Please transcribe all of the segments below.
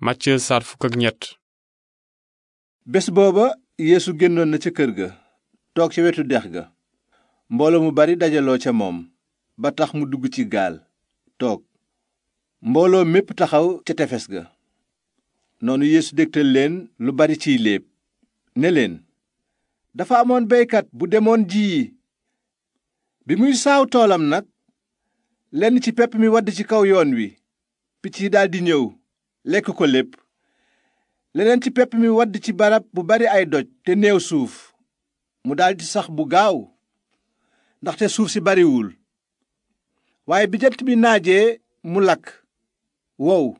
Matthieu saar ñett. bés booba yéesu génnoon na ca kër ga toog ca wetu dex ga mbooloo mu bari dajaloo ca moom ba tax mu dugg ci gaal toog mbooloo mépp taxaw ca tefes ga noonu yéesu dégtal leen lu bari ciy léeb ne leen dafa amoon beykat bu demoon ji yi bi muy saaw toolam nag lenn ci pepp mi wadd ci kaw yoon wi picc yi daldi ñëw lekk ko lépp leneen ci pepp mi wadd ci barab bu bari ay doj te néew suuf mu daldi sax bu gaaw ndaxte suuf si bariwul waaye bi jant bi naaje mu lakk wow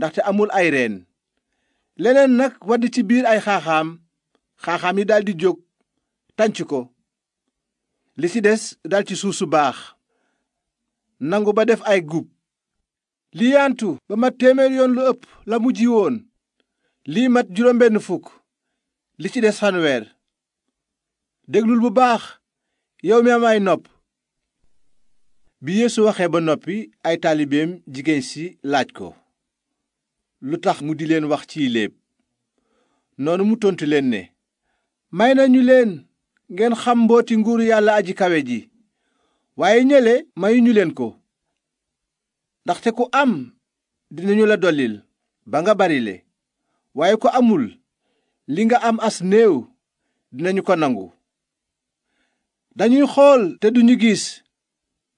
ndaxte amul ay reen leneen nag wadd ci biir ay xaaxaam xaaxaam yi daldi jóg tànc ko li ci des dal ci suuf su baax nangu ba def ay gub liyaantu ba mat téeméer yoon lu ëpp la mu ji woon lii mat juróom benn fukk li ci des fanweer déglul bu baax yow mi am ay nopp bi yeesu waxee ba noppi ay taalibeem jigéen si laaj ko lu tax mu di leen wax ciy léeb noonu mu tontu leen ne may nañu leen ngeen xam mbooti nguuru yàlla aji kawe ji waaye ñele mayuñu leen ko ndax te ku am dinañu la dollil ba nga barile waaye ku amul li nga am as néew dinañu ko nangu dañuy xool te duñu gis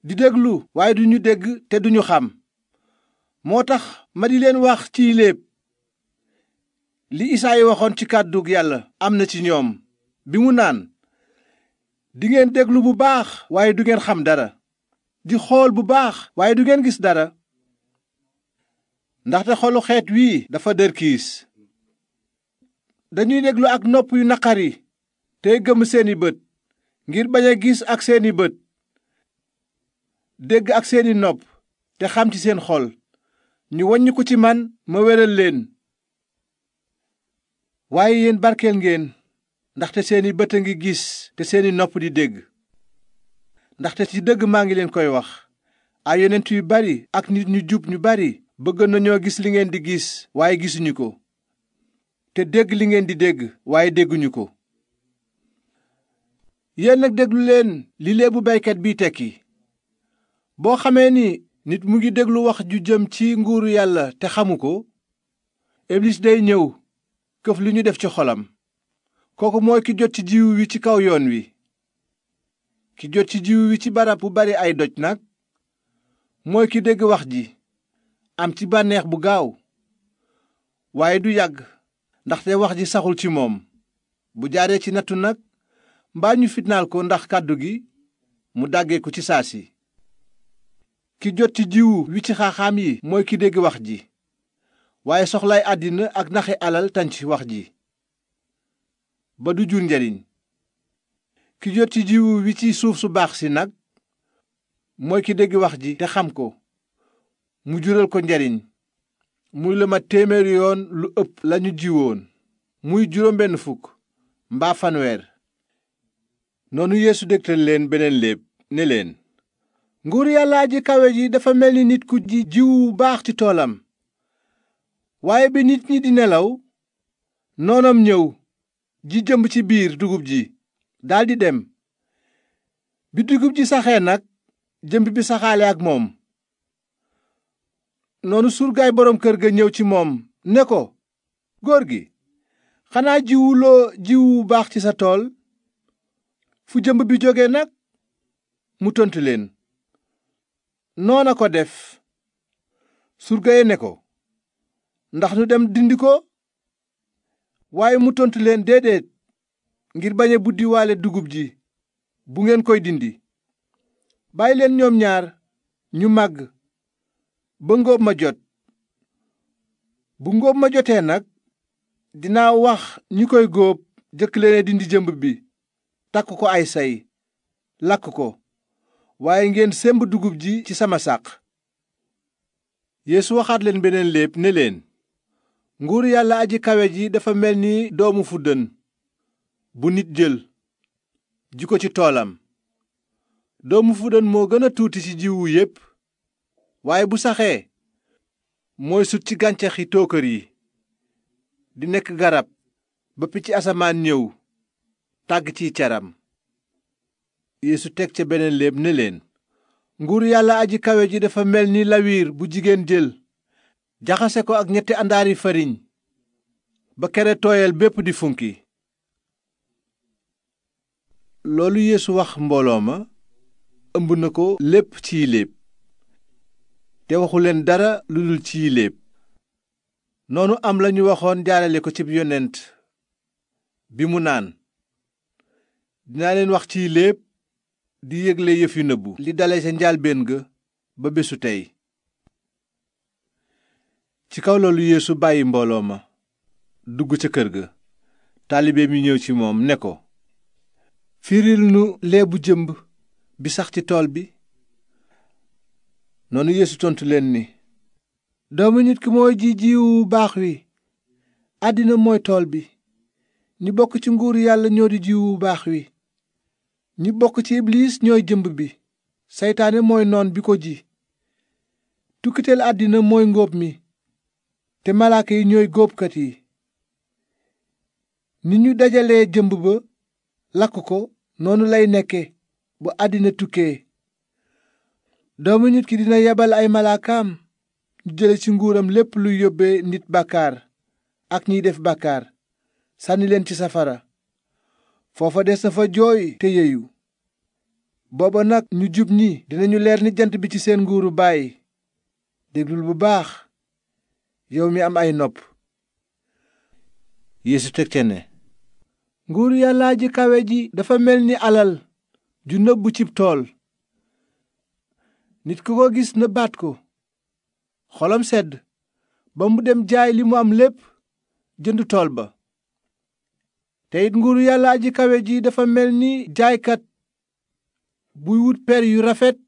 di déglu waaye duñu dégg te duñu xam moo tax ma di leen wax ci léeb li Isaayi waxoon ci kàddu yàlla am na ci ñoom bi mu naan dingeen déglu bu baax waaye du ngeen xam dara di xool bu baax waaye du ngeen gis dara ndaxte xolu xeet wii dafa dërkiis dañuy déglu ak nopp yu naqari tey gëm seeni bët ngir bañ a gis ak seeni bët dégg ak seeni nopp te xam ci seen xol ñu waññ ko ci man ma wéral leen waaye yéen barkeel ngeen ndaxte seeni bët a ngi gis te seeni nopp di dégg ndaxte ci dëgg maa ngi leen koy wax ay yonent yu bari ak nit ñu jub ñu bari bëgg nañoo gis li ngeen di gis waaye gisuñu ko te dégg li ngeen di dégg waaye dégguñu ko yéen nag déglu leen li bu baykat bi tekki boo xamee ni nit mu ngi déglu wax ju jëm ci nguuru yàlla te xamu ko iblis day ñëw këf li ñu def ci xolam kooku mooy ki jot ci jiwu wi ci kaw yoon wi ki jot ci jiwu wi ci barab bu bari ay doj nag mooy ki dégg wax ji am ci bànneex bu gaaw waaye du yàgg ndaxte wax ji saxul ci moom bu jaaree ci nattu nag mbaa ñu fitnaal ko ndax kàddu gi mu dàggee ko ci saa si ki jot ci jiwu wi ci xaaxaam yi mooy ki dégg wax ji waaye soxlaay àddina ak naxe alal tànc wax ji ba du jur njariñ ki jot ci jiwu wi ci suuf su baax si nag mooy ki dégg wax ji te xam ko mu jural ko njariñ muy lu ma téeméeri yoon lu ëpp lañu jiwoon muy juróom fukk mbaa noonu yéesu dégtal leen beneen léeb ne leen nguur yàllaa ji kawe ji dafa mel ni nit ku ji jiwu bu baax ci toolam waaye bi nit ñi di nelaw noonam ñëw ji jëmb ci biir dugub ji daldi dem bi dugub ji saxee nag jëmb bi saxaale ak moom noonu surgaay boroom kër ga ñëw ci moom ne ko góor gi xanaa jiwuloo jiw wu baax ci sa tool fu jëmb bi jóge nag mu tontu leen noona ko def surga ya ne ko ndax ñu dem dindi ko waaye mu tontu leen déedéet ngir bañ buddiwaale dugub ji bu ngeen koy dindi bàyyileen leen ñoom ñaar ñu màgg ba ngóob ma jot bu ngóob ma jotee nag dinaa wax ñi koy góob jëkk leen dindi jëmb bi takk ko ay say lakk ko waaye ngeen semb dugub ji ci sama sàq Yeesu waxaat leen beneen léeb ne leen nguur yàlla aji kawe ji dafa mel ni doomu fuddën bu nit jël ji ko ci toolam doomu fuddën moo gën a tuuti ci jiwu yépp waaye bu saxee mooy sut ci gàncaxi tóokër yi di nekk garab ba picc asamaan ñëw tàgg ciy caram yéesu teg ca beneen léeb ne leen nguur yàlla aji kawe ji dafa mel ni lawiir bu jigéen jël jaxase ko ak ñetti àndaari fariñ ba kere tooyal bépp di funki loolu yéesu wax mbooloo ma ëmb na ko lépp ciy léeb te waxu leen dara lu dul ci léeb noonu am lañu waxoon jaarale ko cib yonent bi mu naan dinaa leen wax ci léeb di yégle yëf yu nëbbu li dale ca njaalbéen ga ba bésu tey ci kaw loolu yéesu bàyyi mbooloo ma dugg ca kër ga taalibe mi ñëw ci moom né ko firil nu leebu jëmb bi sax ci tool bi noonu yeesu tontu leen ni doomu nit ki mooy ji jiwu baax wi àddina mooy tool bi ñi bokk ci nguuru yàlla ñoo di jiwu baax wi ñi bokk ci ibliis ñooy jëmb bi seytaane mooy noon bi ko ji tukkiteel àddina mooy ngóob mi te malaaka yi ñooy góobkat yi ni ñu dajalee jëmb ba lakk ko noonu lay nekke bu àddina tukkee doomu nit ki dina yebal ay malaakaam ñu jële ci nguuram lépp luy yóbbe nit bàkkaar ak ñiy def bàkkaar sànni leen ci safara foofa des na fa jooy te yeyu booba nag ñu jub ñi dinañu leer ni jant bi ci seen nguur bàyyi déglul bu baax yow mi am ay nopp yéesu teg ne nguur yàllaa ji kawe ji dafa mel ni alal ju nëbbu cib tool nit ku ko gis na baat ko xolam sedd ba mu dem jaay li mu am lépp jënd tool ba te nguur nguuru yàlla aji kawe ji dafa mel ni jaaykat buy wut per yu rafet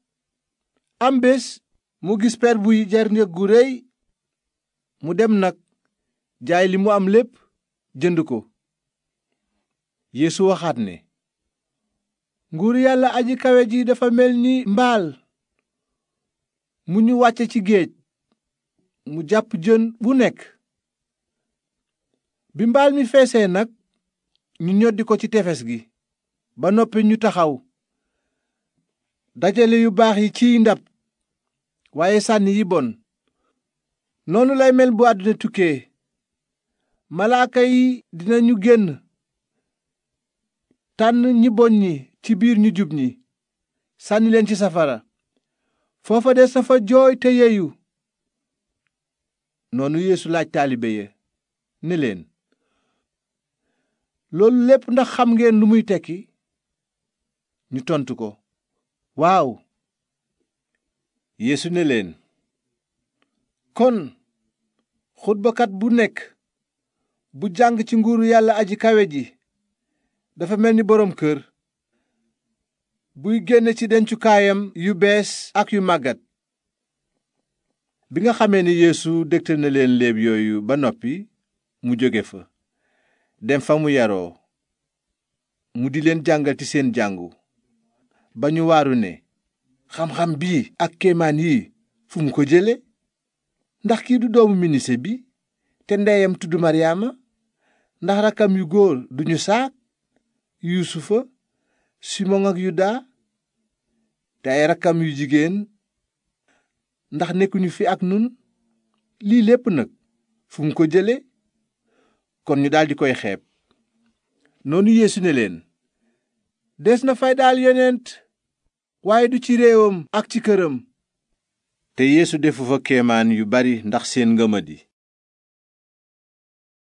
am bés mu gis per buy jar gu réy mu dem nag jaay li mu am lépp jënd ko Yeesu waxaat ne nguur yàlla aji kawe ji dafa mel ni mbaal mu ñu wàcce ci géej mu jàpp jën bu nekk bi mbaal mi feesee nag ñu ñoddi ko ci tefes gi ba noppi ñu taxaw dajale yu baax yi ciy ndab waaye sànni yi bon noonu lay mel bu àdduna tukkee malaaka yi dinañu génn tànn ñi bon ñi ci biir ñu jub ñi sànni leen ci safara foofa de safa jooy te yeeyu noonu yéesu laaj taalibe ya ne leen loolu lépp ndax xam ngeen lu muy tekki ñu tontu ko waaw yéesu ne leen kon xutbakat bu nekk bu jàng ci nguuru yàlla aji kawe ji dafa mel ni boroom kër buy génn ci dencukaayam yu bees ak yu màggat bi nga xamee ni yéesu dégte na leen léeb yooyu ba noppi mu jóge fa dem fa mu yaroo mu di leen jàngal ci seen jàngu ba ñu waaru ne xam-xam bii ak kéemaan yi fu mu ko jële ndax kii du doomu minise bi te ndeyam tudd maryaama ndax rakkam yu góor duñu saak yuusufa simon ak yuda te ay rakkam yu jigéen ndax nekkuñu fi ak nun lii lépp nag fu mu ko jële kon ñu daldi koy xeeb noonu yéesu ne leen des na fay daal yonent waaye du ci réewam ak ci këram te yéesu defu fa kéemaan yu bari ndax seen ngëmadi